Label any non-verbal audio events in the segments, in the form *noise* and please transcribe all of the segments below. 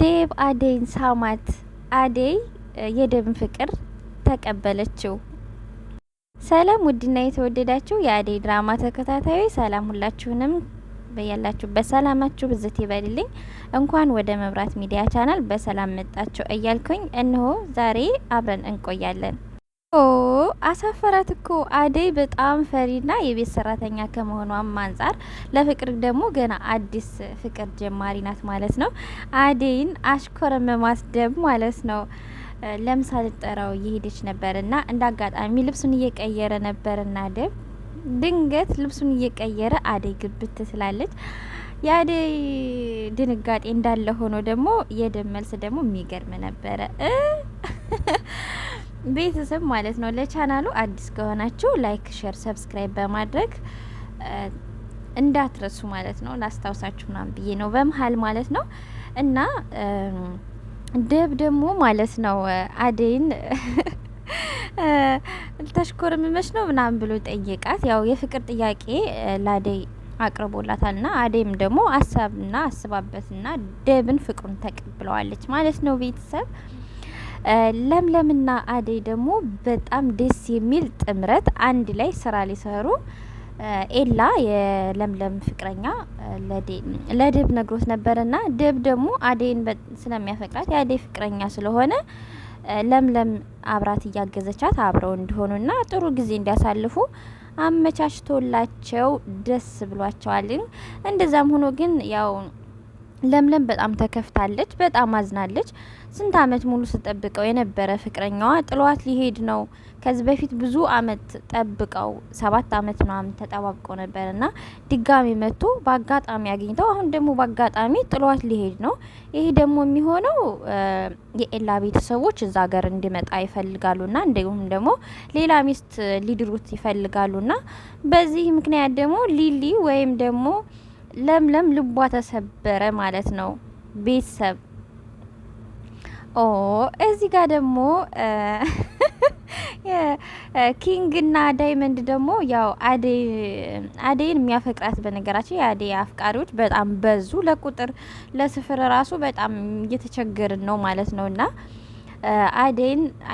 ዴቭ አደይን ሳማት። አደይ የዴቭን ፍቅር ተቀበለችው። ሰላም ውድና የተወደዳችሁ የአደይ ድራማ ተከታታዮች፣ ሰላም ሁላችሁንም በያላችሁ በሰላማችሁ ብዝት ይበልልኝ። እንኳን ወደ መብራት ሚዲያ ቻናል በሰላም መጣችሁ እያልኩኝ እነሆ ዛሬ አብረን እንቆያለን። ኦ አሳፈራት እኮ አደይ በጣም ፈሪና የቤት ሰራተኛ ከመሆኗም አንጻር ለፍቅር ደግሞ ገና አዲስ ፍቅር ጀማሪ ናት ማለት ነው። አደይን ደም ማለት ነው። ለምሳ ልጠራው እየሄደች ነበርና እንደ አጋጣሚ ልብሱን እየቀየረ ነበርና ደም ድንገት ልብሱን እየቀየረ አደይ ግብት ትላለች። የአደይ ድንጋጤ እንዳለ ሆኖ ደግሞ የደም መልስ ደግሞ የሚገርም ነበረ። *laughs* ቤተሰብ ማለት ነው። ለቻናሉ አዲስ ከሆናችሁ ላይክ፣ ሼር፣ ሰብስክራይብ በማድረግ እንዳትረሱ ማለት ነው። ላስታውሳችሁ ምናምን ብዬ ነው በመሀል ማለት ነው። እና ደብ ደግሞ ማለት ነው አደይን ልታሽኮረምመች ነው ምናምን ብሎ ጠየቃት። ያው የፍቅር ጥያቄ ለአደይ አቅርቦላታልና አደይም ደግሞ አሳብና አስባበትና ደብን ፍቅሩን ተቀብለዋለች ማለት ነው ቤተሰብ ለምለምና አደይ ደግሞ በጣም ደስ የሚል ጥምረት አንድ ላይ ስራ ሊሰሩ ኤላ የለምለም ፍቅረኛ ለደብ ነግሮት ነበርና ደብ ደግሞ አደይን ስለሚያፈቅራት የአደይ ፍቅረኛ ስለሆነ ለምለም አብራት እያገዘቻት አብረው እንዲሆኑና ጥሩ ጊዜ እንዲያሳልፉ አመቻችቶላቸው ደስ ብሏቸዋልን። እንደዛም ሆኖ ግን ያው ለምለም በጣም ተከፍታለች፣ በጣም አዝናለች። ስንት አመት ሙሉ ስጠብቀው የነበረ ፍቅረኛዋ ጥሏት ሊሄድ ነው። ከዚህ በፊት ብዙ አመት ጠብቀው ሰባት አመት ምናምን ተጠባብቀው ነበር እና ድጋሚ መጥቶ በአጋጣሚ አግኝተው አሁን ደግሞ በአጋጣሚ ጥሏት ሊሄድ ነው። ይሄ ደግሞ የሚሆነው የኤላ ቤተሰቦች እዛ ሀገር እንዲመጣ ይፈልጋሉና እንዲሁም ደግሞ ሌላ ሚስት ሊድሩት ይፈልጋሉና በዚህ ምክንያት ደግሞ ሊሊ ወይም ደግሞ ለምለም ልቧ ተሰበረ ማለት ነው። ቤተሰብ ኦ እዚህ ጋር ደግሞ ኪንግ ዳይመንድ ደግሞ ያው አዴይን የሚያፈቅራት በነገራችን የአዴ አፍቃሪዎች በጣም በዙ። ለቁጥር ለስፍር ራሱ በጣም እየተቸገርን ነው ማለት ነው እና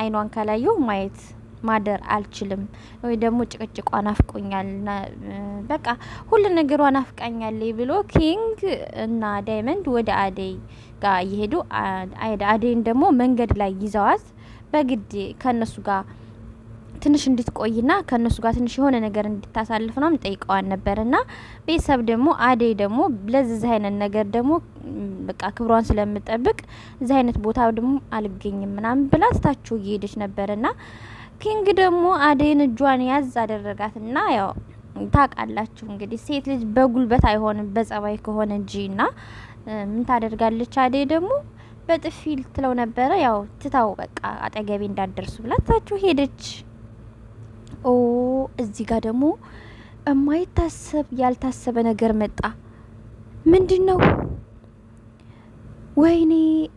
አይኗን ካላየሁ ማየት ማደር አልችልም፣ ወይ ደግሞ ጭቅጭቋ ናፍቆኛል፣ በቃ ሁሉ ነገሯ ናፍቃኛል ብሎ ኪንግ እና ዳይመንድ ወደ አደይ ጋር እየሄዱ አደይን ደግሞ መንገድ ላይ ይዘዋት በግድ ከእነሱ ጋር ትንሽ እንድትቆይና ከእነሱ ጋር ትንሽ የሆነ ነገር እንድታሳልፍ ነው ጠይቀዋን ነበር። እና ቤተሰብ ደግሞ አደይ ደግሞ ለዚህ አይነት ነገር ደግሞ በቃ ክብሯን ስለምጠብቅ እዚህ አይነት ቦታ ደግሞ አልገኝም ምናምን ብላ ትታችሁ እየሄደች ነበር ና ፒንግ ደግሞ አደይን እጇን ያዝ አደረጋት እና ያው ታውቃላችሁ እንግዲህ ሴት ልጅ በጉልበት አይሆንም በጸባይ ከሆነ እንጂ እና ምን ታደርጋለች አደይ ደግሞ በጥፊ ትለው ነበረ። ያው ትታው በቃ አጠገቤ እንዳደርሱ ብላታችሁ ሄደች። ኦ እዚህ ጋር ደግሞ የማይታሰብ ያልታሰበ ነገር መጣ። ምንድን ነው? ወይኔ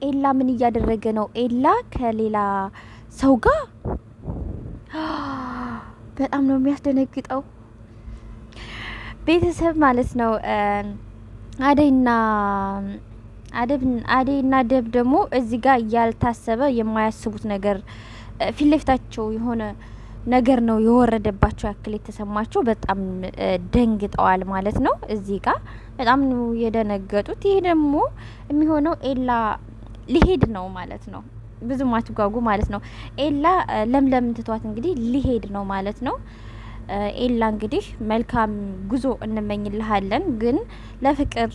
ኤላ ምን እያደረገ ነው? ኤላ ከሌላ ሰው ጋር በጣም ነው የሚያስደነግጠው። ቤተሰብ ማለት ነው አደይና አደይና ደብ ደግሞ እዚህ ጋር ያልታሰበ የማያስቡት ነገር ፊት ለፊታቸው የሆነ ነገር ነው የወረደባቸው ያክል የተሰማቸው በጣም ደንግጠዋል ማለት ነው። እዚህ ጋር በጣም ነው የደነገጡት። ይህ ደግሞ የሚሆነው ኤላ ሊሄድ ነው ማለት ነው ብዙ ማትጓጉ ማለት ነው። ኤላ ለምለም ትቷት እንግዲህ ሊሄድ ነው ማለት ነው። ኤላ እንግዲህ መልካም ጉዞ እንመኝልሃለን፣ ግን ለፍቅር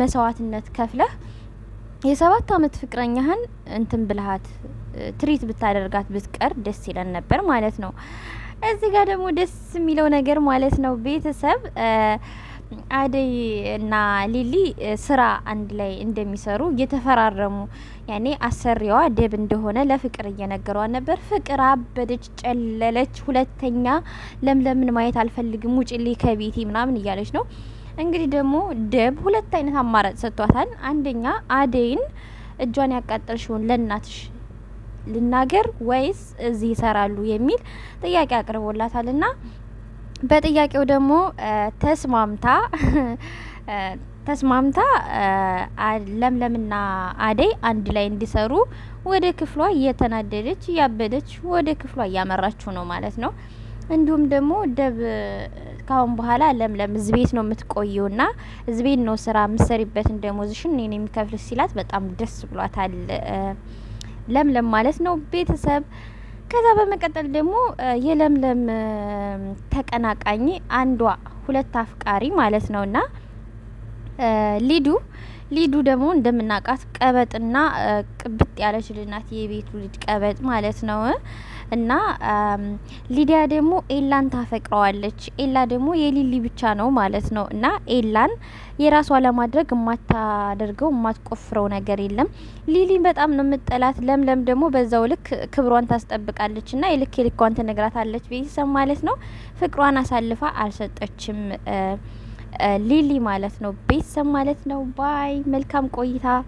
መስዋዕትነት ከፍለህ የሰባት አመት ፍቅረኛህን እንትን ብልሃት ትሪት ብታደርጋት ብትቀር ደስ ይለን ነበር ማለት ነው። እዚህ ጋር ደግሞ ደስ የሚለው ነገር ማለት ነው ቤተሰብ አደይ እና ሊሊ ስራ አንድ ላይ እንደሚሰሩ እየተፈራረሙ ያኔ አሰሪዋ ደብ እንደሆነ ለፍቅር እየነገሯ ነበር። ፍቅር አበደች፣ ጨለለች። ሁለተኛ ለምለምን ማየት አልፈልግም፣ ውጭሌ ከቤቴ ምናምን እያለች ነው። እንግዲህ ደግሞ ደብ ሁለት አይነት አማራጭ ሰጥቷታል። አንደኛ አደይን እጇን ያቃጠልሽውን ለእናትሽ ልናገር ወይስ እዚህ ይሰራሉ የሚል ጥያቄ አቅርቦላታል ና በጥያቄው ደግሞ ተስማምታ ተስማምታ ለምለምና አደይ አንድ ላይ እንዲሰሩ ወደ ክፍሏ እየተናደደች እያበደች ወደ ክፍሏ እያመራችሁ ነው ማለት ነው። እንዲሁም ደግሞ ደብ ካሁን በኋላ ለምለም እዝ ቤት ነው የምትቆየው ና እዝ ቤት ነው ስራ የምትሰሪበትን ደሞዝሽን እኔን የሚከፍል ሲላት በጣም ደስ ብሏታል ለምለም ማለት ነው ቤተሰብ ከዛ በመቀጠል ደግሞ የለምለም ተቀናቃኝ አንዷ ሁለት አፍቃሪ ማለት ነውና ሊዱ ሊዱ ደግሞ እንደምናውቃት ቀበጥና ቅብጥ ያለች ልጅ ናት። የቤቱ ልጅ ቀበጥ ማለት ነው። እና ሊዲያ ደግሞ ኤላን ታፈቅረዋለች። ኤላ ደግሞ የሊሊ ብቻ ነው ማለት ነው እና ኤላን የራሷ ለማድረግ የማታደርገው የማትቆፍረው ነገር የለም። ሊሊ በጣም ነው የምጠላት። ለምለም ደግሞ በዛው ልክ ክብሯን ታስጠብቃለች እና የልክ የልኳን ትነግራታለች። ቤተሰብ ማለት ነው ፍቅሯን አሳልፋ አልሰጠችም ሊሊ ማለት ነው። ቤተሰብ ማለት ነው። ባይ መልካም ቆይታ